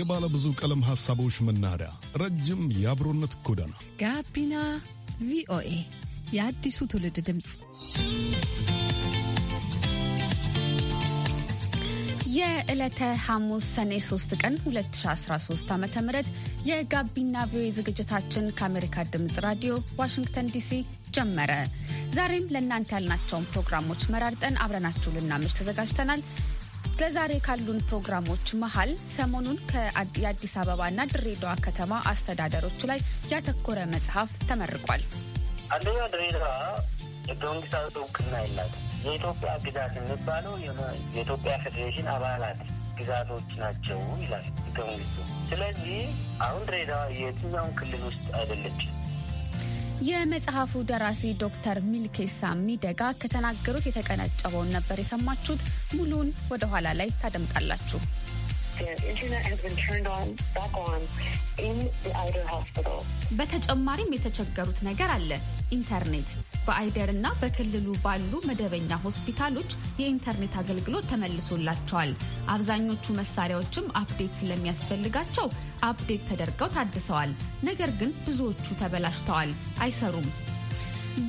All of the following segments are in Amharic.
የባለ ብዙ ቀለም ሐሳቦች መናኸሪያ፣ ረጅም የአብሮነት ጎዳና ጋቢና ቪኦኤ የአዲሱ ትውልድ ድምፅ። የዕለተ ሐሙስ ሰኔ 3 ቀን 2013 ዓ ም የጋቢና ቪኦኤ ዝግጅታችን ከአሜሪካ ድምፅ ራዲዮ ዋሽንግተን ዲሲ ጀመረ። ዛሬም ለእናንተ ያልናቸውን ፕሮግራሞች መራርጠን አብረናችሁ ልናምሽ ተዘጋጅተናል። ለዛሬ ካሉን ፕሮግራሞች መሀል ሰሞኑን የአዲስ አበባና ድሬዳዋ ከተማ አስተዳደሮች ላይ ያተኮረ መጽሐፍ ተመርቋል። አንደኛ ድሬዳዋ ህገ መንግስታዊ እውቅና የላት የኢትዮጵያ ግዛት የሚባለው የኢትዮጵያ ፌዴሬሽን አባላት ግዛቶች ናቸው ይላል ህገ መንግስቱ። ስለዚህ አሁን ድሬዳዋ የትኛውን ክልል ውስጥ አይደለችም። የመጽሐፉ ደራሲ ዶክተር ሚልኬሳ ሚደጋ ከተናገሩት የተቀነጨበውን ነበር የሰማችሁት። ሙሉውን ወደ ኋላ ላይ ታደምጣላችሁ። በተጨማሪም የተቸገሩት ነገር አለ ኢንተርኔት በአይደር እና በክልሉ ባሉ መደበኛ ሆስፒታሎች የኢንተርኔት አገልግሎት ተመልሶላቸዋል። አብዛኞቹ መሳሪያዎችም አፕዴት ስለሚያስፈልጋቸው አፕዴት ተደርገው ታድሰዋል። ነገር ግን ብዙዎቹ ተበላሽተዋል፣ አይሰሩም።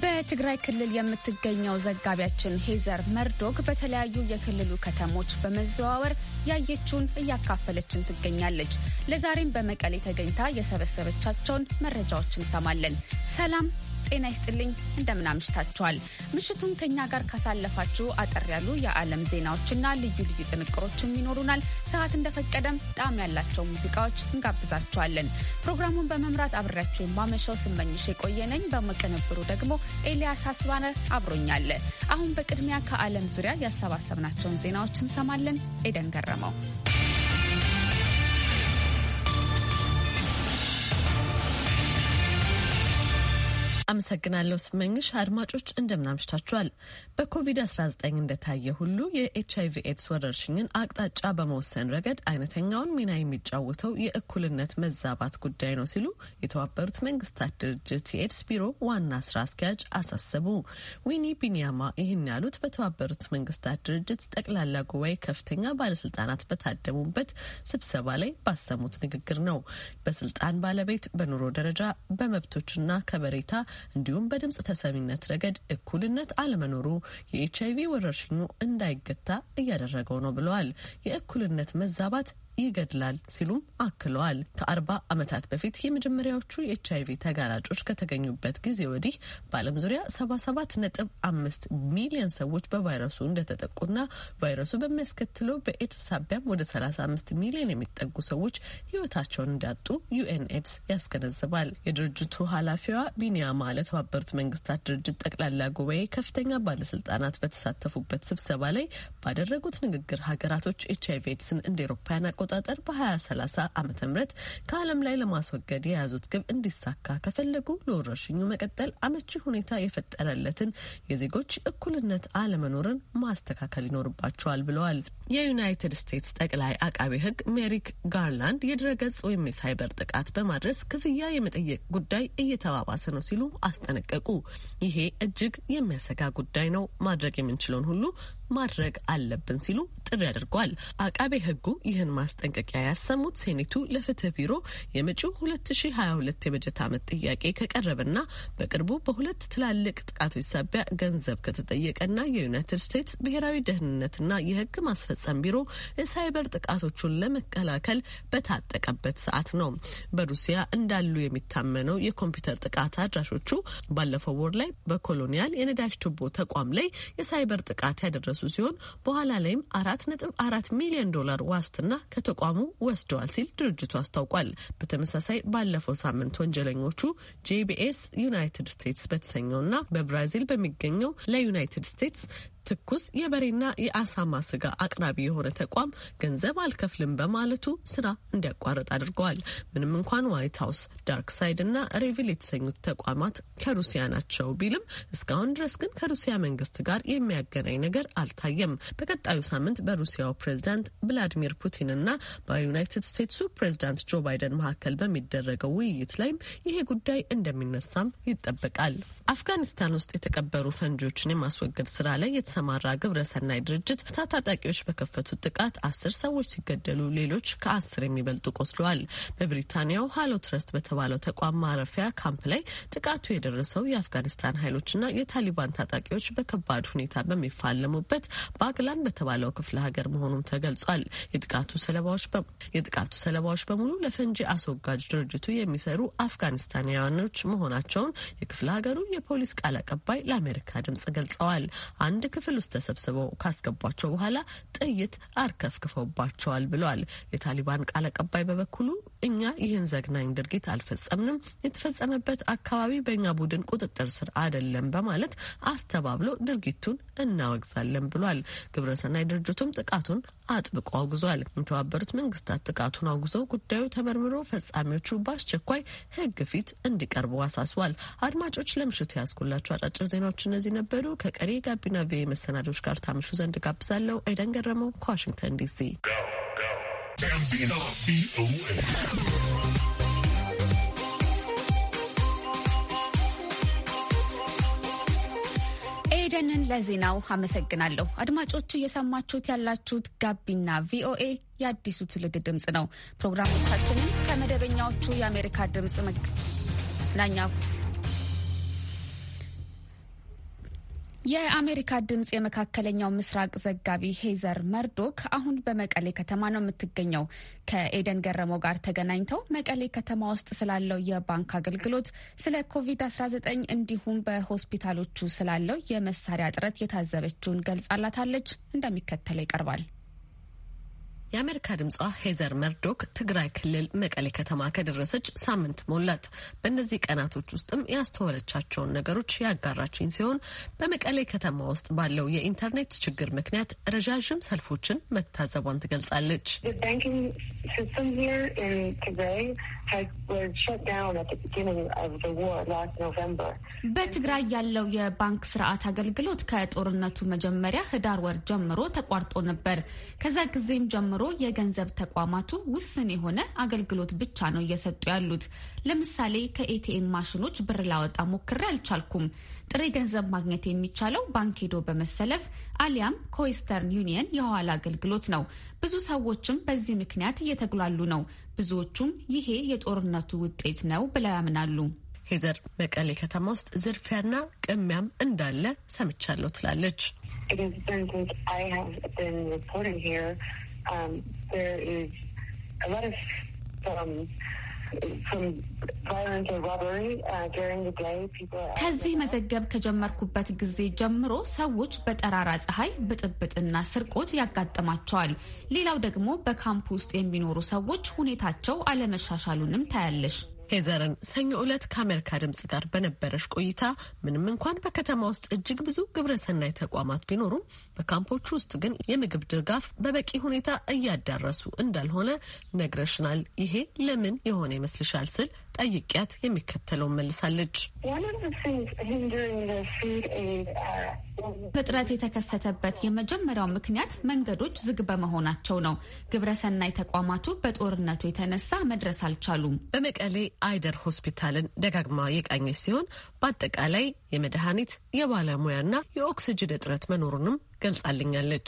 በትግራይ ክልል የምትገኘው ዘጋቢያችን ሄዘር መርዶግ በተለያዩ የክልሉ ከተሞች በመዘዋወር ያየችውን እያካፈለችን ትገኛለች። ለዛሬም በመቀሌ ተገኝታ የሰበሰበቻቸውን መረጃዎች እንሰማለን። ሰላም ጤና ይስጥልኝ። እንደምን አምሽታችኋል? ምሽቱን ከኛ ጋር ካሳለፋችሁ አጠር ያሉ የዓለም ዜናዎችና ልዩ ልዩ ጥንቅሮችም ይኖሩናል። ሰዓት እንደፈቀደም ጣዕም ያላቸው ሙዚቃዎች እንጋብዛችኋለን። ፕሮግራሙን በመምራት አብሬያችሁ ማመሻው ስመኝሽ የቆየነኝ፣ በመቀነብሩ ደግሞ ኤልያስ አስባነ አብሮኛለ። አሁን በቅድሚያ ከዓለም ዙሪያ ያሰባሰብናቸውን ዜናዎች እንሰማለን። ኤደን ገረመው አመሰግናለሁ ስመኝሽ። አድማጮች እንደምናምሽታችኋል። በኮቪድ-19 እንደታየ ሁሉ የኤች አይቪ ኤድስ ወረርሽኝን አቅጣጫ በመወሰን ረገድ አይነተኛውን ሚና የሚጫወተው የእኩልነት መዛባት ጉዳይ ነው ሲሉ የተባበሩት መንግስታት ድርጅት የኤድስ ቢሮ ዋና ስራ አስኪያጅ አሳሰቡ። ዊኒ ቢኒያማ ይህን ያሉት በተባበሩት መንግስታት ድርጅት ጠቅላላ ጉባኤ ከፍተኛ ባለስልጣናት በታደሙበት ስብሰባ ላይ ባሰሙት ንግግር ነው። በስልጣን ባለቤት፣ በኑሮ ደረጃ፣ በመብቶችና ከበሬታ እንዲሁም በድምፅ ተሰሚነት ረገድ እኩልነት አለመኖሩ የኤች አይቪ ወረርሽኙ እንዳይገታ እያደረገው ነው ብለዋል። የእኩልነት መዛባት ይገድላል ሲሉም አክለዋል። ከአርባ ዓመታት በፊት የመጀመሪያዎቹ የኤች አይቪ ተጋላጮች ከተገኙበት ጊዜ ወዲህ በዓለም ዙሪያ ሰባ ሰባት ነጥብ አምስት ሚሊዮን ሰዎች በቫይረሱ እንደተጠቁና ቫይረሱ በሚያስከትለው በኤድስ ሳቢያም ወደ ሰላሳ አምስት ሚሊዮን የሚጠጉ ሰዎች ህይወታቸውን እንዳጡ ዩኤን ኤድስ ያስገነዝባል። የድርጅቱ ኃላፊዋ ቢኒያማ ለተባበሩት መንግስታት ድርጅት ጠቅላላ ጉባኤ ከፍተኛ ባለስልጣናት በተሳተፉበት ስብሰባ ላይ ባደረጉት ንግግር ሀገራቶች ኤች አይቪ ኤድስን እንደ ኤሮፓያን አቆጣጠር በ2030 ዓ ም ከዓለም ላይ ለማስወገድ የያዙት ግብ እንዲሳካ ከፈለጉ ለወረርሽኙ መቀጠል አመቺ ሁኔታ የፈጠረለትን የዜጎች እኩልነት አለመኖርን ማስተካከል ይኖርባቸዋል ብለዋል። የዩናይትድ ስቴትስ ጠቅላይ አቃቤ ሕግ ሜሪክ ጋርላንድ የድረገጽ ወይም የሳይበር ጥቃት በማድረስ ክፍያ የመጠየቅ ጉዳይ እየተባባሰ ነው ሲሉ አስጠነቀቁ። ይሄ እጅግ የሚያሰጋ ጉዳይ ነው። ማድረግ የምንችለውን ሁሉ ማድረግ አለብን ሲሉ ጥሪ አድርጓል። አቃቤ ሕጉ ይህን ማስጠንቀቂያ ያሰሙት ሴኔቱ ለፍትህ ቢሮ የመጪው 2022 የበጀት ዓመት ጥያቄ ከቀረበና በቅርቡ በሁለት ትላልቅ ጥቃቶች ሳቢያ ገንዘብ ከተጠየቀና የዩናይትድ ስቴትስ ብሔራዊ ደህንነትና የሕግ ማስፈጸም ቢሮ የሳይበር ጥቃቶቹን ለመከላከል በታጠቀበት ሰዓት ነው። በሩሲያ እንዳሉ የሚታመነው የኮምፒውተር ጥቃት አድራሾቹ ባለፈው ወር ላይ በኮሎኒያል የነዳጅ ቱቦ ተቋም ላይ የሳይበር ጥቃት ያደረሱ የደረሱ ሲሆን በኋላ ላይም አራት ነጥብ አራት ሚሊዮን ዶላር ዋስትና ከተቋሙ ወስደዋል ሲል ድርጅቱ አስታውቋል። በተመሳሳይ ባለፈው ሳምንት ወንጀለኞቹ ጄቢኤስ ዩናይትድ ስቴትስ በተሰኘውና በብራዚል በሚገኘው ለዩናይትድ ስቴትስ ትኩስ የበሬና የአሳማ ስጋ አቅራቢ የሆነ ተቋም ገንዘብ አልከፍልም በማለቱ ስራ እንዲያቋርጥ አድርገዋል። ምንም እንኳን ዋይት ሀውስ፣ ዳርክ ሳይድ እና ሬቪል የተሰኙት ተቋማት ከሩሲያ ናቸው ቢልም እስካሁን ድረስ ግን ከሩሲያ መንግስት ጋር የሚያገናኝ ነገር አልታየም። በቀጣዩ ሳምንት በሩሲያው ፕሬዚዳንት ቭላዲሚር ፑቲን እና በዩናይትድ ስቴትሱ ፕሬዚዳንት ጆ ባይደን መካከል በሚደረገው ውይይት ላይም ይሄ ጉዳይ እንደሚነሳም ይጠበቃል። አፍጋኒስታን ውስጥ የተቀበሩ ፈንጂዎችን የማስወገድ ስራ ላይ የተሰማራ ግብረሰናይ ድርጅት ታጣቂዎች በከፈቱት ጥቃት አስር ሰዎች ሲገደሉ ሌሎች ከአስር የሚበልጡ ቆስለዋል። በብሪታንያው ሃሎ ትረስት በተባለው ተቋም ማረፊያ ካምፕ ላይ ጥቃቱ የደረሰው የአፍጋኒስታን ኃይሎችና የታሊባን ታጣቂዎች በከባድ ሁኔታ በሚፋለሙበት ባግላን በተባለው ክፍለ ሀገር መሆኑም ተገልጿል። የጥቃቱ ሰለባዎች በሙሉ ለፈንጂ አስወጋጅ ድርጅቱ የሚሰሩ አፍጋኒስታናውያኖች መሆናቸውን የክፍለ ሀገሩ የፖሊስ ቃል አቀባይ ለአሜሪካ ድምጽ ገልጸዋል። አንድ ክፍል ውስጥ ተሰብስበው ካስገቧቸው በኋላ ጥይት አርከፍክፈውባቸዋል ብለዋል። የታሊባን ቃል አቀባይ በበኩሉ እኛ ይህን ዘግናኝ ድርጊት አልፈጸምንም፣ የተፈጸመበት አካባቢ በእኛ ቡድን ቁጥጥር ስር አይደለም በማለት አስተባብሎ ድርጊቱን እናወግዛለን ብሏል። ግብረሰናይ ድርጅቱም ጥቃቱን አጥብቆ አውግዟል። የተባበሩት መንግስታት ጥቃቱን አውግዞ ጉዳዩ ተመርምሮ ፈጻሚዎቹ በአስቸኳይ ሕግ ፊት እንዲቀርቡ አሳስቧል። አድማጮች ለምሽቱ ያስኩላቸው አጫጭር ዜናዎች እነዚህ ነበሩ። ከቀሪ ጋቢና ቪኦኤ መሰናዶች ጋር ታምሹ ዘንድ ጋብዛለሁ። ኤደን ገረመው ከዋሽንግተን ዲሲ ኤደንን ለዜናው አመሰግናለሁ። አድማጮች እየሰማችሁት ያላችሁት ጋቢና ቪኦኤ የአዲሱ ትውልድ ድምፅ ነው። ፕሮግራሞቻችንን ከመደበኛዎቹ የአሜሪካ ድምፅ መገናኛ የአሜሪካ ድምፅ የመካከለኛው ምስራቅ ዘጋቢ ሄዘር መርዶክ አሁን በመቀሌ ከተማ ነው የምትገኘው። ከኤደን ገረመው ጋር ተገናኝተው መቀሌ ከተማ ውስጥ ስላለው የባንክ አገልግሎት፣ ስለ ኮቪድ-19 እንዲሁም በሆስፒታሎቹ ስላለው የመሳሪያ እጥረት የታዘበችውን ገልጻላታለች። እንደሚከተለው ይቀርባል። የአሜሪካ ድምጿ ሄዘር መርዶክ ትግራይ ክልል መቀሌ ከተማ ከደረሰች ሳምንት ሞላት። በእነዚህ ቀናቶች ውስጥም ያስተዋለቻቸውን ነገሮች ያጋራችኝ ሲሆን በመቀሌ ከተማ ውስጥ ባለው የኢንተርኔት ችግር ምክንያት ረዣዥም ሰልፎችን መታዘቧን ትገልጻለች። በትግራይ ያለው የባንክ ስርዓት አገልግሎት ከጦርነቱ መጀመሪያ ህዳር ወር ጀምሮ ተቋርጦ ነበር። ከዛ ጊዜም ጀምሮ ጨምሮ የገንዘብ ተቋማቱ ውስን የሆነ አገልግሎት ብቻ ነው እየሰጡ ያሉት። ለምሳሌ ከኤቲኤም ማሽኖች ብር ላወጣ ሞክሬ አልቻልኩም። ጥሬ ገንዘብ ማግኘት የሚቻለው ባንክ ሄዶ በመሰለፍ አሊያም ከዌስተርን ዩኒየን የኋላ አገልግሎት ነው። ብዙ ሰዎችም በዚህ ምክንያት እየተጉላሉ ነው። ብዙዎቹም ይሄ የጦርነቱ ውጤት ነው ብለው ያምናሉ። ሄዘር መቀሌ ከተማ ውስጥ ዝርፊያና ቅሚያም እንዳለ ሰምቻለሁ ትላለች። um, there is a lot of um, uh, ከዚህ መዘገብ ከጀመርኩበት ጊዜ ጀምሮ ሰዎች በጠራራ ፀሐይ ብጥብጥና ስርቆት ያጋጥማቸዋል። ሌላው ደግሞ በካምፕ ውስጥ የሚኖሩ ሰዎች ሁኔታቸው አለመሻሻሉንም ታያለሽ። ሄዘርን ሰኞ ዕለት ከአሜሪካ ድምጽ ጋር በነበረች ቆይታ ምንም እንኳን በከተማ ውስጥ እጅግ ብዙ ግብረሰናይ ተቋማት ቢኖሩም በካምፖቹ ውስጥ ግን የምግብ ድጋፍ በበቂ ሁኔታ እያዳረሱ እንዳልሆነ ነግረሽናል። ይሄ ለምን የሆነ ይመስልሻል? ስል ጠይቂያት የሚከተለውን መልሳለች። እጥረት የተከሰተበት የመጀመሪያው ምክንያት መንገዶች ዝግ በመሆናቸው ነው። ግብረሰናይ ተቋማቱ በጦርነቱ የተነሳ መድረስ አልቻሉም። በመቀሌ አይደር ሆስፒታልን ደጋግማ የቃኘች ሲሆን በአጠቃላይ የመድኃኒት የባለሙያና የኦክስጅን እጥረት መኖሩንም ገልጻልኛለች።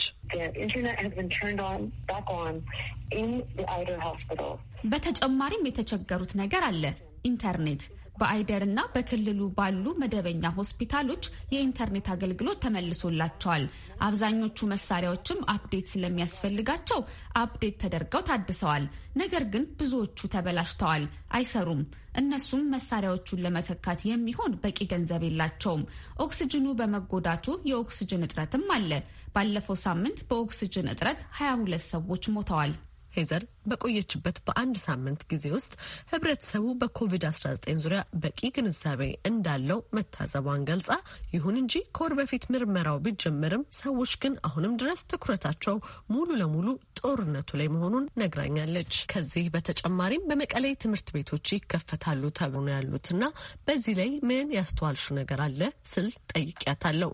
በተጨማሪም የተቸገሩት ነገር አለ ኢንተርኔት በአይደር እና በክልሉ ባሉ መደበኛ ሆስፒታሎች የኢንተርኔት አገልግሎት ተመልሶላቸዋል። አብዛኞቹ መሳሪያዎችም አፕዴት ስለሚያስፈልጋቸው አፕዴት ተደርገው ታድሰዋል። ነገር ግን ብዙዎቹ ተበላሽተዋል፣ አይሰሩም። እነሱም መሳሪያዎቹን ለመተካት የሚሆን በቂ ገንዘብ የላቸውም። ኦክስጅኑ በመጎዳቱ የኦክስጅን እጥረትም አለ። ባለፈው ሳምንት በኦክስጅን እጥረት 22 ሰዎች ሞተዋል። ሄዘር በቆየችበት በአንድ ሳምንት ጊዜ ውስጥ ህብረተሰቡ በኮቪድ-19 ዙሪያ በቂ ግንዛቤ እንዳለው መታዘቧን ገልጻ፣ ይሁን እንጂ ከወር በፊት ምርመራው ቢጀመርም ሰዎች ግን አሁንም ድረስ ትኩረታቸው ሙሉ ለሙሉ ጦርነቱ ላይ መሆኑን ነግራኛለች። ከዚህ በተጨማሪም በመቀሌ ትምህርት ቤቶች ይከፈታሉ ተብሎ ያሉትና በዚህ ላይ ምን ያስተዋልሹ ነገር አለ ስል ጠይቂያታለሁ።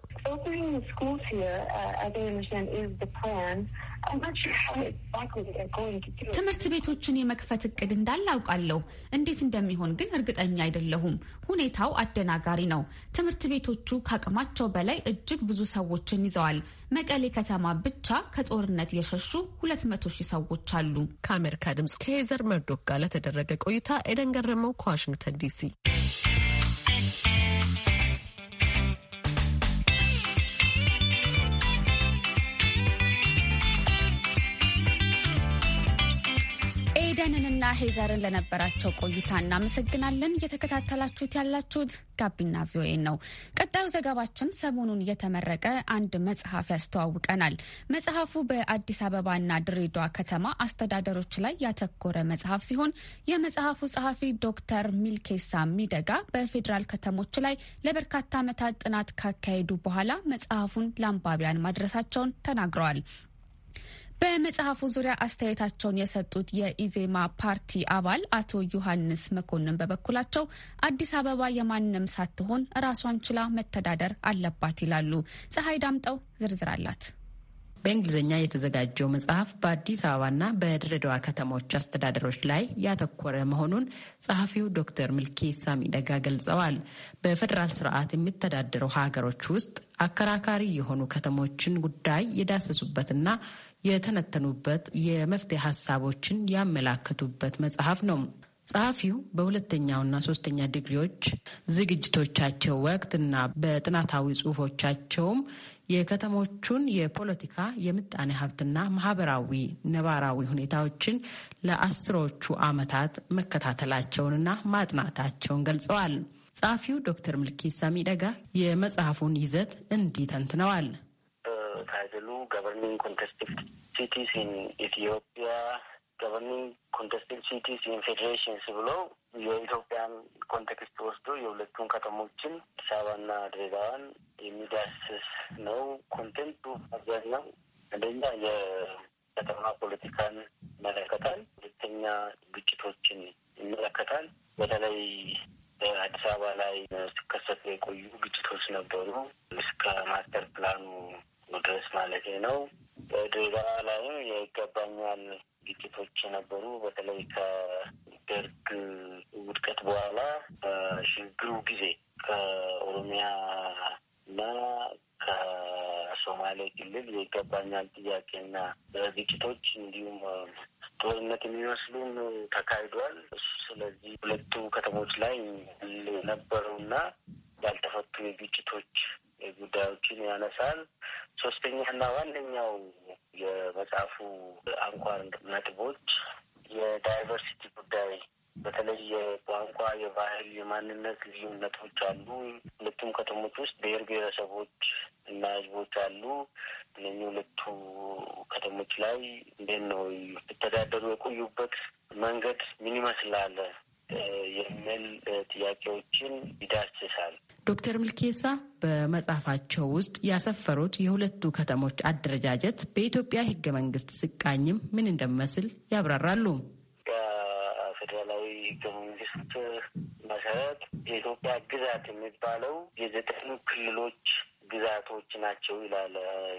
ትምህርት ቤቶችን የመክፈት እቅድ እንዳለ አውቃለሁ። እንዴት እንደሚሆን ግን እርግጠኛ አይደለሁም። ሁኔታው አደናጋሪ ነው። ትምህርት ቤቶቹ ከአቅማቸው በላይ እጅግ ብዙ ሰዎችን ይዘዋል። መቀሌ ከተማ ብቻ ከጦርነት የሸሹ ሁለት መቶ ሺህ ሰዎች አሉ። ከአሜሪካ ድምጽ ከሄዘር መርዶክ ጋር ለተደረገ ቆይታ ኤደን ገረመው ከዋሽንግተን ዲሲ ሄዘርን ለነበራቸው ቆይታ እናመሰግናለን። እየተከታተላችሁት ያላችሁት ጋቢና ቪኦኤ ነው። ቀጣዩ ዘገባችን ሰሞኑን የተመረቀ አንድ መጽሐፍ ያስተዋውቀናል። መጽሐፉ በአዲስ አበባና ድሬዳዋ ከተማ አስተዳደሮች ላይ ያተኮረ መጽሐፍ ሲሆን የመጽሐፉ ጸሐፊ ዶክተር ሚልኬሳ ሚደጋ በፌዴራል ከተሞች ላይ ለበርካታ ዓመታት ጥናት ካካሄዱ በኋላ መጽሐፉን ለአንባቢያን ማድረሳቸውን ተናግረዋል። በመጽሐፉ ዙሪያ አስተያየታቸውን የሰጡት የኢዜማ ፓርቲ አባል አቶ ዮሐንስ መኮንን በበኩላቸው አዲስ አበባ የማንም ሳትሆን ራሷን ችላ መተዳደር አለባት ይላሉ። ፀሐይ ዳምጠው ዝርዝር አላት። በእንግሊዝኛ የተዘጋጀው መጽሐፍ በአዲስ አበባና በድሬዳዋ ከተሞች አስተዳደሮች ላይ ያተኮረ መሆኑን ጸሐፊው ዶክተር ምልኬ ሳሚደጋ ገልጸዋል። በፌዴራል ስርዓት የሚተዳደሩ ሀገሮች ውስጥ አከራካሪ የሆኑ ከተሞችን ጉዳይ የዳሰሱበትና የተነተኑበት የመፍትሄ ሀሳቦችን ያመላከቱበት መጽሐፍ ነው። ጸሐፊው በሁለተኛውና ሶስተኛ ዲግሪዎች ዝግጅቶቻቸው ወቅት እና በጥናታዊ ጽሁፎቻቸውም የከተሞቹን የፖለቲካ የምጣኔ ሀብትና ማህበራዊ ነባራዊ ሁኔታዎችን ለአስሮቹ ዓመታት መከታተላቸውንና ማጥናታቸውን ገልጸዋል። ጸሐፊው ዶክተር ምልኪሳ ሚደጋ የመጽሐፉን ይዘት እንዲህ ተንትነዋል። ታይትሉ ገቨርኒንግ ኮንቴስቲቭ ሲቲስ ኢን ኢትዮጵያ ገቨርኒንግ ኮንቴስቲቭ ሲቲስ ኢን ፌዴሬሽንስ ብለው የኢትዮጵያን ኮንቴክስት ወስዶ የሁለቱን ከተሞችን አዲስ አበባና ድሬዳዋን የሚዳስስ ነው። ኮንቴንቱ አብዛኛው አንደኛ የከተማ ፖለቲካን ይመለከታል። ሁለተኛ ግጭቶችን ይመለከታል። በተለይ በአዲስ አበባ ላይ ሲከሰቱ የቆዩ ግጭቶች ነበሩ። እስከ ማስተር ፕላኑ መድረስ ማለት ነው። ድሬዳዋ ላይም የይገባኛል ግጭቶች የነበሩ በተለይ ከደርግ ውድቀት በኋላ በሽግግሩ ጊዜ ከኦሮሚያ ከሶማሌ ክልል የይገባኛል ጥያቄና ግጭቶች እንዲሁም ጦርነት የሚመስሉን ተካሂዷል። ስለዚህ ሁለቱ ከተሞች ላይ ነበሩና ያልተፈቱ የግጭቶች ጉዳዮችን ያነሳል። ሶስተኛና ዋነኛው የመጽሐፉ አንኳር ነጥቦች የዳይቨርሲቲ ጉዳይ በተለይ የቋንቋ፣ የባህል፣ የማንነት ልዩነቶች አሉ። ሁለቱም ከተሞች ውስጥ ብሔር ብሔረሰቦች እና ህዝቦች አሉ። እነኚህ ሁለቱ ከተሞች ላይ እንዴት ነው የተዳደሩ የቆዩበት መንገድ ምን ይመስላል የሚል ጥያቄዎችን ይዳስሳል። ዶክተር ምልኬሳ በመጽሐፋቸው ውስጥ ያሰፈሩት የሁለቱ ከተሞች አደረጃጀት በኢትዮጵያ ህገ መንግስት ስቃኝም ምን እንደሚመስል ያብራራሉ። በፌዴራላዊ ህገ መንግስት መሰረት የኢትዮጵያ ግዛት የሚባለው የዘጠኙ ክልሎች ግዛቶች ናቸው ይላል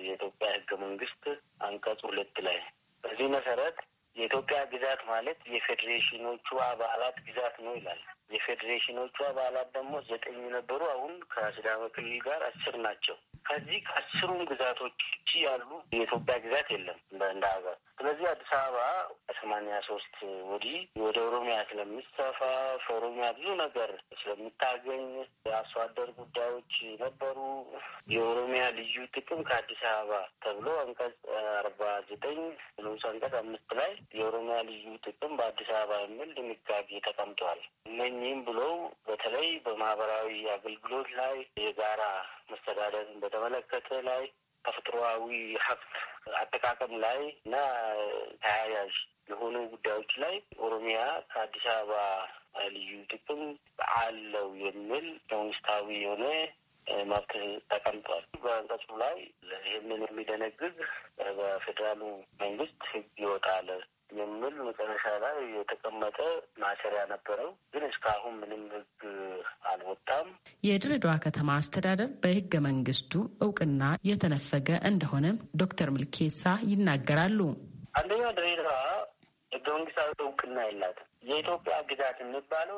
የኢትዮጵያ ህገ መንግስት አንቀጽ ሁለት ላይ። በዚህ መሰረት የኢትዮጵያ ግዛት ማለት የፌዴሬሽኖቹ አባላት ግዛት ነው ይላል። የፌዴሬሽኖቹ አባላት ደግሞ ዘጠኝ ነበሩ። አሁን ከሲዳማ ክልል ጋር አስር ናቸው። ከዚህ ከአስሩም ግዛቶች ያሉ የኢትዮጵያ ግዛት የለም እንደ ሀገር ስለዚህ አዲስ አበባ ከሰማንያ ሶስት ወዲህ ወደ ኦሮሚያ ስለሚሰፋ ከኦሮሚያ ብዙ ነገር ስለሚታገኝ የአርሶ አደር ጉዳዮች ነበሩ። የኦሮሚያ ልዩ ጥቅም ከአዲስ አበባ ተብሎ አንቀጽ አርባ ዘጠኝ ንዑስ አንቀጽ አምስት ላይ የኦሮሚያ ልዩ ጥቅም በአዲስ አበባ የሚል ድንጋጌ ተቀምጧል። እነኚህም ብለው በተለይ በማህበራዊ አገልግሎት ላይ የጋራ መስተዳደርን በተመለከተ ላይ ተፈጥሮዊ ሀብት አጠቃቀም ላይ እና ተያያዥ የሆኑ ጉዳዮች ላይ ኦሮሚያ ከአዲስ አበባ ልዩ ጥቅም አለው የሚል መንግስታዊ የሆነ መብት ተቀምጧል። በአንቀጹ ላይ ይህንን የሚደነግግ በፌዴራሉ መንግስት ህግ ይወጣል የሚል መጨረሻ ላይ የተቀመጠ ማሰሪያ ነበረው። ግን እስካሁን ምንም ህግ አልወጣም። የድሬዳዋ ከተማ አስተዳደር በህገ መንግስቱ እውቅና የተነፈገ እንደሆነም ዶክተር ምልኬሳ ይናገራሉ። አንደኛ ድሬዳዋ ህገ መንግስታዊ እውቅና የላትም። የኢትዮጵያ ግዛት የሚባለው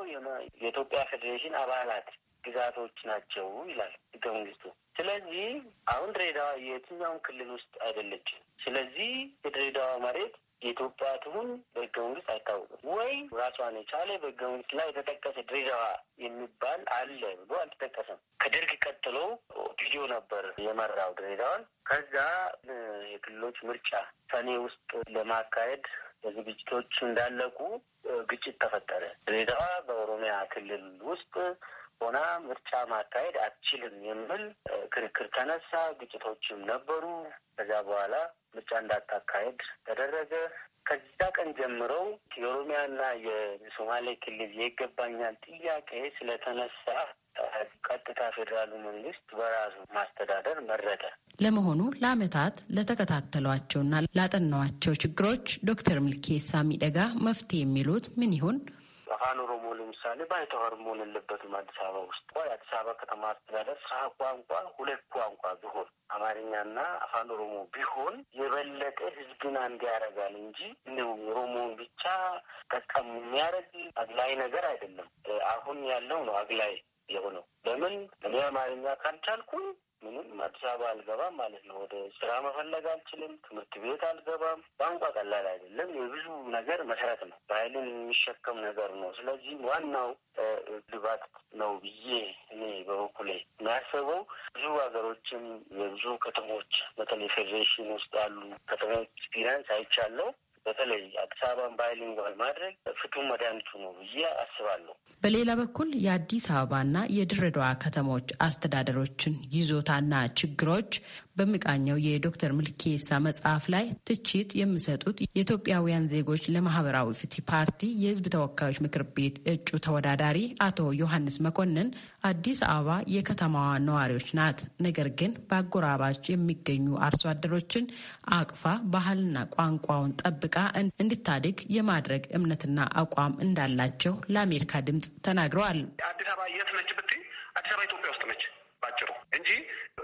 የኢትዮጵያ ፌዴሬሽን አባላት ግዛቶች ናቸው ይላል ህገ መንግስቱ። ስለዚህ አሁን ድሬዳዋ የትኛውን ክልል ውስጥ አይደለችም። ስለዚህ የድሬዳዋ መሬት የኢትዮጵያ ትሁን በህገ መንግስት አይታወቅም ወይ ራሷን የቻለ በህገ መንግስት ላይ የተጠቀሰ ድሬዳዋ የሚባል አለ ብሎ አልተጠቀሰም። ከደርግ ቀጥሎ ቪዲዮ ነበር የመራው ድሬዳዋን። ከዛ የክልሎች ምርጫ ሰኔ ውስጥ ለማካሄድ ዝግጅቶች እንዳለቁ ግጭት ተፈጠረ። ድሬዳዋ በኦሮሚያ ክልል ውስጥ ሆና ምርጫ ማካሄድ አትችልም የሚል ክርክር ተነሳ። ግጭቶችም ነበሩ። ከዛ በኋላ ምርጫ እንዳታካሄድ ተደረገ። ከዛ ቀን ጀምረው የኦሮሚያና የሶማሌ ክልል የይገባኛል ጥያቄ ስለተነሳ ቀጥታ ፌዴራሉ መንግስት በራሱ ማስተዳደር መረጠ። ለመሆኑ ለአመታት ለተከታተሏቸውና ላጠናዋቸው ችግሮች ዶክተር ሚልኬሳ ሚደጋ መፍትሄ የሚሉት ምን ይሆን? አፋን ኦሮሞ ለምሳሌ ባይተዋር መሆን የለበትም። አዲስ አበባ ውስጥ እንኳን የአዲስ አበባ ከተማ አስተዳደር ስራ ቋንቋ ሁለት ቋንቋ ቢሆን አማርኛና አፋን ኦሮሞ ቢሆን የበለጠ ህዝብን አንድ ያደርጋል እንጂ እንዲሁ ኦሮሞን ብቻ ጠቀም የሚያደርግ አግላይ ነገር አይደለም። አሁን ያለው ነው አግላይ የሆነው። ለምን እኔ አማርኛ ካልቻልኩኝ ምንም አዲስ አበባ አልገባም ማለት ነው። ወደ ስራ መፈለግ አልችልም። ትምህርት ቤት አልገባም። ቋንቋ ቀላል አይደለም። የብዙ ነገር መሰረት ነው። ባህልን የሚሸከም ነገር ነው። ስለዚህ ዋናው ልባት ነው ብዬ እኔ በበኩሌ የሚያስበው ብዙ ሀገሮችም የብዙ ከተሞች በተለይ ፌዴሬሽን ውስጥ ያሉ ከተሞች ኤክስፒሪንስ አይቻለው በተለይ አዲስ አበባን ባይሊንጓል ማድረግ ፍቱን መድኃኒቱ ነው ብዬ አስባለሁ። በሌላ በኩል የአዲስ አበባና የድሬዳዋ ከተሞች አስተዳደሮችን ይዞታና ችግሮች በሚቃኘው የዶክተር ምልኬሳ መጽሐፍ ላይ ትችት የሚሰጡት የኢትዮጵያውያን ዜጎች ለማህበራዊ ፍትህ ፓርቲ የህዝብ ተወካዮች ምክር ቤት እጩ ተወዳዳሪ አቶ ዮሐንስ መኮንን አዲስ አበባ የከተማዋ ነዋሪዎች ናት። ነገር ግን በአጎራባች የሚገኙ አርሶ አደሮችን አቅፋ ባህልና ቋንቋውን ጠብቃ እንድታድግ የማድረግ እምነትና አቋም እንዳላቸው ለአሜሪካ ድምፅ ተናግረዋል። አዲስ አበባ የት ነች ብትይ፣ አዲስ አበባ ኢትዮጵያ ውስጥ ነች ባጭሩ እንጂ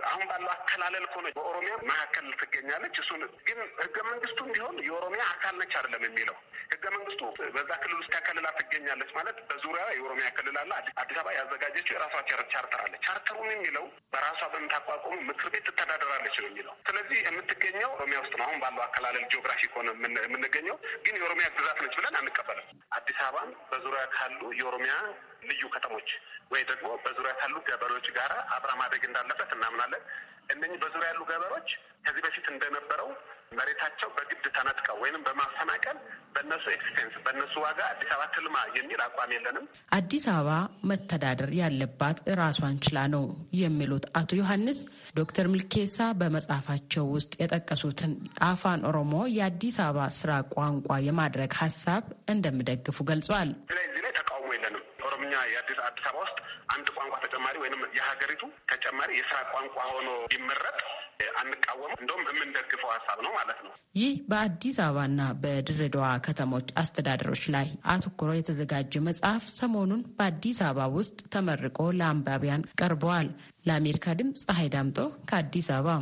አሁን ባለው አከላለል እኮ ነው በኦሮሚያ መካከል ትገኛለች። እሱን ግን ህገ መንግስቱ እንዲሆን የኦሮሚያ አካል ነች አይደለም የሚለው ህገ መንግስቱ በዛ ክልል ውስጥ ከክልላ ትገኛለች ማለት በዙሪያ የኦሮሚያ ክልል አለ። አዲስ አበባ ያዘጋጀችው የራሷ ቻርተር አለ። ቻርተሩን የሚለው በራሷ በምታቋቁሙ ምክር ቤት ትተዳደራለች ነው የሚለው። ስለዚህ የምትገኘው ኦሮሚያ ውስጥ ነው። አሁን ባለው አከላለል ጂኦግራፊ ከሆነ የምንገኘው ግን የኦሮሚያ ግዛት ነች ብለን አንቀበልም። አዲስ አበባን በዙሪያ ካሉ የኦሮሚያ ልዩ ከተሞች ወይ ደግሞ በዙሪያ ካሉ ገበሬዎች ጋር አብራ ማደግ እንዳለበት እናምናለን። እናደርጋለን። እነኚህ በዙሪያ ያሉ ገበሮች ከዚህ በፊት እንደነበረው መሬታቸው በግድ ተነጥቀው ወይም በማፈናቀል በእነሱ ኤክስፔንስ በእነሱ ዋጋ አዲስ አበባ ትልማ የሚል አቋም የለንም። አዲስ አበባ መተዳደር ያለባት ራሷን ችላ ነው የሚሉት አቶ ዮሐንስ ዶክተር ሚልኬሳ በመጽሐፋቸው ውስጥ የጠቀሱትን አፋን ኦሮሞ የአዲስ አበባ ስራ ቋንቋ የማድረግ ሀሳብ እንደሚደግፉ ገልጿል። እዚህ ላይ ተቃውሞ የለንም። ኦሮምኛ የአዲስ አበባ ውስጥ ከአምድ ቋንቋ ተጨማሪ ወይም የሀገሪቱ ተጨማሪ የስራ ቋንቋ ሆኖ ቢመረጥ አንቃወሙ፣ እንደውም የምንደግፈው ሀሳብ ነው ማለት ነው። ይህ በአዲስ አበባና በድሬዳዋ ከተሞች አስተዳደሮች ላይ አትኩሮ የተዘጋጀ መጽሐፍ ሰሞኑን በአዲስ አበባ ውስጥ ተመርቆ ለአንባቢያን ቀርበዋል። ለአሜሪካ ድምፅ ፀሐይ ዳምጦ ከአዲስ አበባ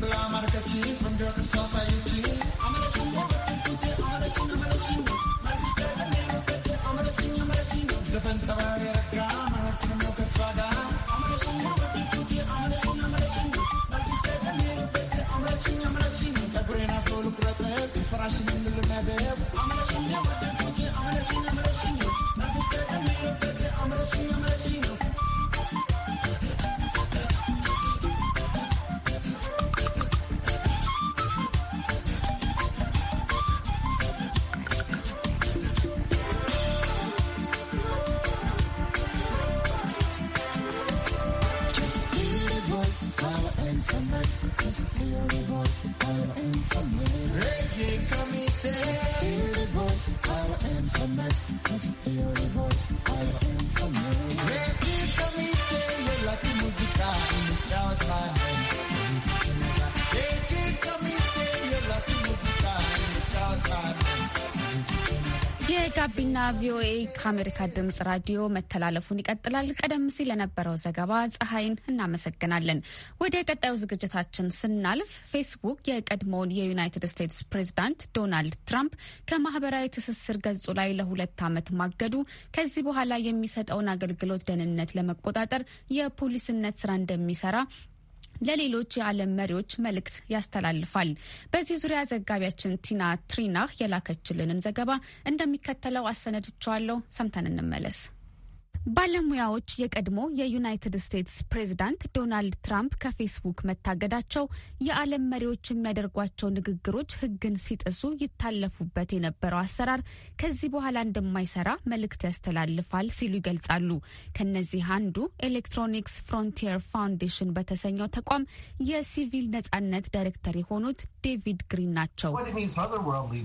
Bila marca cheap from Dirk and so. Reggae come and say, the voice, power and summer, just hear the voice. ጋቢና ቪኦኤ ከአሜሪካ ድምጽ ራዲዮ መተላለፉን ይቀጥላል። ቀደም ሲል ለነበረው ዘገባ ፀሐይን እናመሰግናለን። ወደ ቀጣዩ ዝግጅታችን ስናልፍ ፌስቡክ የቀድሞውን የዩናይትድ ስቴትስ ፕሬዝዳንት ዶናልድ ትራምፕ ከማህበራዊ ትስስር ገጹ ላይ ለሁለት ዓመት ማገዱ ከዚህ በኋላ የሚሰጠውን አገልግሎት ደህንነት ለመቆጣጠር የፖሊስነት ስራ እንደሚሰራ ለሌሎች የዓለም መሪዎች መልእክት ያስተላልፋል። በዚህ ዙሪያ ዘጋቢያችን ቲና ትሪናህ የላከችልንን ዘገባ እንደሚከተለው አሰነድቸዋለሁ። ሰምተን እንመለስ። ባለሙያዎች የቀድሞ የዩናይትድ ስቴትስ ፕሬዝዳንት ዶናልድ ትራምፕ ከፌስቡክ መታገዳቸው የዓለም መሪዎች የሚያደርጓቸው ንግግሮች ሕግን ሲጥሱ ይታለፉበት የነበረው አሰራር ከዚህ በኋላ እንደማይሰራ መልእክት ያስተላልፋል ሲሉ ይገልጻሉ። ከነዚህ አንዱ ኤሌክትሮኒክስ ፍሮንቲየር ፋውንዴሽን በተሰኘው ተቋም የሲቪል ነጻነት ዳይሬክተር የሆኑት ዴቪድ ግሪን ናቸው።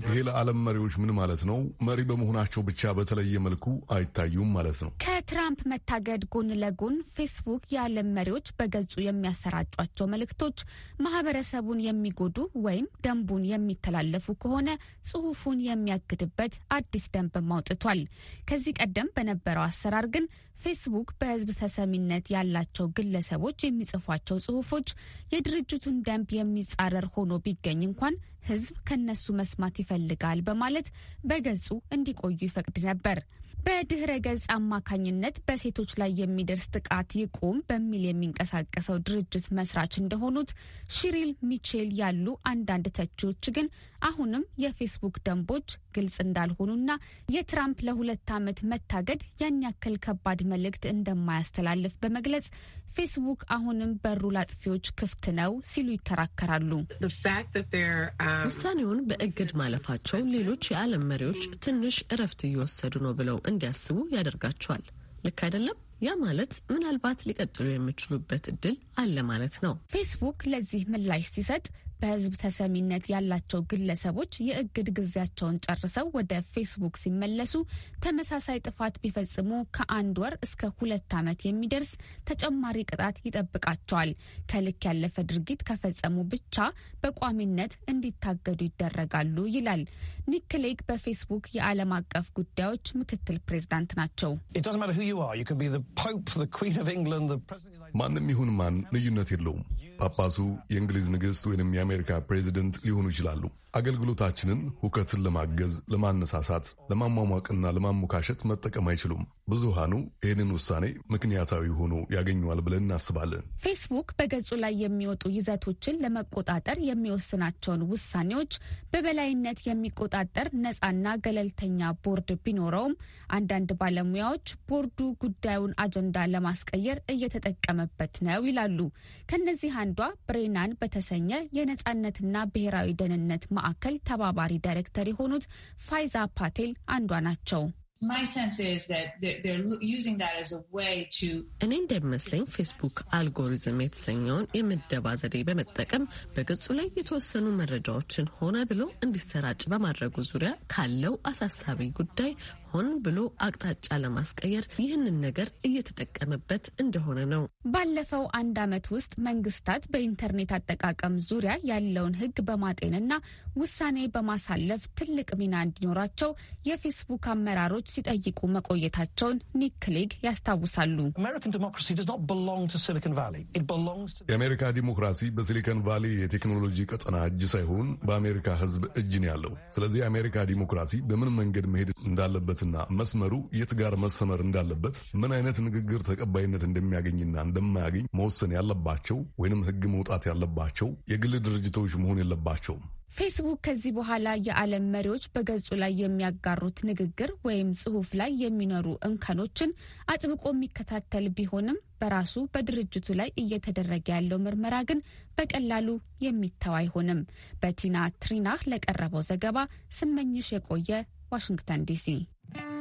ይሄ ለዓለም መሪዎች ምን ማለት ነው? መሪ በመሆናቸው ብቻ በተለየ መልኩ አይታዩም ማለት ነው። ከትራምፕ መታገድ ጎን ለጎን ፌስቡክ የዓለም መሪዎች በገጹ የሚያሰራጯቸው መልእክቶች ማህበረሰቡን የሚጎዱ ወይም ደንቡን የሚተላለፉ ከሆነ ጽሁፉን የሚያግድበት አዲስ ደንብ አውጥቷል። ከዚህ ቀደም በነበረው አሰራር ግን ፌስቡክ በህዝብ ተሰሚነት ያላቸው ግለሰቦች የሚጽፏቸው ጽሁፎች የድርጅቱን ደንብ የሚጻረር ሆኖ ቢገኝ እንኳን ህዝብ ከነሱ መስማት ይፈልጋል በማለት በገጹ እንዲቆዩ ይፈቅድ ነበር። በድህረ ገጽ አማካኝነት በሴቶች ላይ የሚደርስ ጥቃት ይቁም በሚል የሚንቀሳቀሰው ድርጅት መስራች እንደሆኑት ሽሪል ሚቼል ያሉ አንዳንድ ተቺዎች ግን አሁንም የፌስቡክ ደንቦች ግልጽ እንዳልሆኑና የትራምፕ ለሁለት ዓመት መታገድ ያን ያክል ከባድ መልእክት እንደማያስተላልፍ በመግለጽ ፌስቡክ አሁንም በሩ ላጥፊዎች ክፍት ነው ሲሉ ይከራከራሉ። um, ውሳኔውን በእግድ ማለፋቸው ሌሎች የዓለም መሪዎች ትንሽ እረፍት እየወሰዱ ነው ብለው እንዲያስቡ ያደርጋቸዋል። ልክ አይደለም። ያ ማለት ምናልባት ሊቀጥሉ የሚችሉበት እድል አለ ማለት ነው። ፌስቡክ ለዚህ ምላሽ ሲሰጥ በህዝብ ተሰሚነት ያላቸው ግለሰቦች የእግድ ጊዜያቸውን ጨርሰው ወደ ፌስቡክ ሲመለሱ ተመሳሳይ ጥፋት ቢፈጽሙ ከአንድ ወር እስከ ሁለት ዓመት የሚደርስ ተጨማሪ ቅጣት ይጠብቃቸዋል። ከልክ ያለፈ ድርጊት ከፈጸሙ ብቻ በቋሚነት እንዲታገዱ ይደረጋሉ ይላል። ኒክ በፌስቡክ የዓለም አቀፍ ጉዳዮች ምክትል ፕሬዝዳንት ናቸው። ማንም ይሁን ማን ልዩነት የለውም። ጳጳሱ የእንግሊዝ ንግሥት ወይንም የአሜሪካ ፕሬዚደንት ሊሆኑ ይችላሉ። አገልግሎታችንን ሁከትን ለማገዝ፣ ለማነሳሳት፣ ለማሟሟቅና ለማሞካሸት መጠቀም አይችሉም። ብዙሃኑ ይህንን ውሳኔ ምክንያታዊ ሆኖ ያገኘዋል ብለን እናስባለን። ፌስቡክ በገጹ ላይ የሚወጡ ይዘቶችን ለመቆጣጠር የሚወስናቸውን ውሳኔዎች በበላይነት የሚቆጣጠር ነፃና ገለልተኛ ቦርድ ቢኖረውም አንዳንድ ባለሙያዎች ቦርዱ ጉዳዩን አጀንዳ ለማስቀየር እየተጠቀመበት ነው ይላሉ። ከነዚህ አንዷ ብሬናን በተሰኘ የነፃነትና ብሔራዊ ደህንነት ማ ማዕከል ተባባሪ ዳይሬክተር የሆኑት ፋይዛ ፓቴል አንዷ ናቸው። እኔ እንደሚመስለኝ ፌስቡክ አልጎሪዝም የተሰኘውን የምደባ ዘዴ በመጠቀም በገጹ ላይ የተወሰኑ መረጃዎችን ሆነ ብሎ እንዲሰራጭ በማድረጉ ዙሪያ ካለው አሳሳቢ ጉዳይ ሆን ብሎ አቅጣጫ ለማስቀየር ይህንን ነገር እየተጠቀመበት እንደሆነ ነው። ባለፈው አንድ ዓመት ውስጥ መንግስታት በኢንተርኔት አጠቃቀም ዙሪያ ያለውን ሕግ በማጤንና ውሳኔ በማሳለፍ ትልቅ ሚና እንዲኖራቸው የፌስቡክ አመራሮች ሲጠይቁ መቆየታቸውን ኒክ ክሌግ ያስታውሳሉ። የአሜሪካ ዲሞክራሲ በሲሊከን ቫሌ የቴክኖሎጂ ቀጠና እጅ ሳይሆን በአሜሪካ ሕዝብ እጅ ነው ያለው። ስለዚህ የአሜሪካ ዲሞክራሲ በምን መንገድ መሄድ እንዳለበት ግንኙነትና መስመሩ የት ጋር መሰመር እንዳለበት ምን አይነት ንግግር ተቀባይነት እንደሚያገኝና እንደማያገኝ መወሰን ያለባቸው ወይንም ህግ መውጣት ያለባቸው የግል ድርጅቶች መሆን የለባቸውም። ፌስቡክ ከዚህ በኋላ የዓለም መሪዎች በገጹ ላይ የሚያጋሩት ንግግር ወይም ጽሑፍ ላይ የሚኖሩ እንከኖችን አጥብቆ የሚከታተል ቢሆንም በራሱ በድርጅቱ ላይ እየተደረገ ያለው ምርመራ ግን በቀላሉ የሚተው አይሆንም። በቲና ትሪናህ ለቀረበው ዘገባ ስመኝሽ የቆየ ዋሽንግተን ዲሲ Mm-hmm.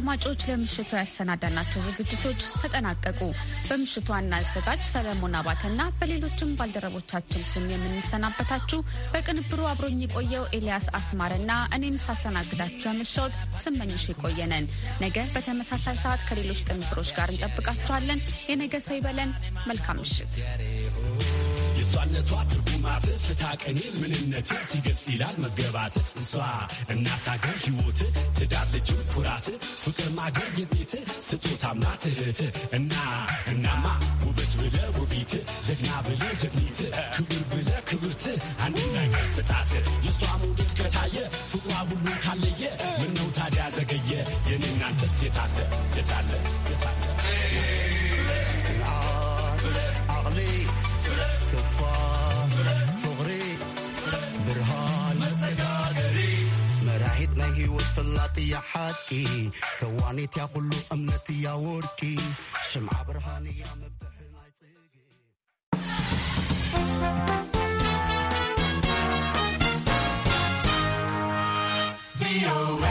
አድማጮች ለምሽቱ ያሰናዳናቸው ዝግጅቶች ተጠናቀቁ። በምሽቱ ዋና አዘጋጅ ሰለሞን አባተና በሌሎችም ባልደረቦቻችን ስም የምንሰናበታችሁ በቅንብሩ አብሮኝ የቆየው ኤልያስ አስማርና እኔም ሳስተናግዳችሁ ያመሻወት ስመኝሽ የቆየነን። ነገ በተመሳሳይ ሰዓት ከሌሎች ቅንብሮች ጋር እንጠብቃችኋለን። የነገ ሰው ይበለን። መልካም ምሽት። የእሷነቷ ትርጉማት ፍታ ቀኔ ምንነት ሲገልጽ ይላል መዝገባት እሷ እናት አገር ህይወት ትዳር ልጅም ኩራት ፍቅር ማገር የቤት ስጦታም ናት እህት እና እናማ ውበት ብለ ውቢት ጀግና ብለ ጀግኒት ክብር ብለ ክብርት አንድ ነገር ስጣት የእሷ ሞዴት ከታየ ፍቅሯ ሁሉ ካለየ ምነው ታዲያ ዘገየ የኔ እናንተስ የታለ የታለ የታለ ፍላጥ ያ ሓቂ ከዋኔት ያ ኩሉ እምነት ያ ወርቂ ሽምዓ ብርሃን እያ መብትሕ ናይ ፅጊ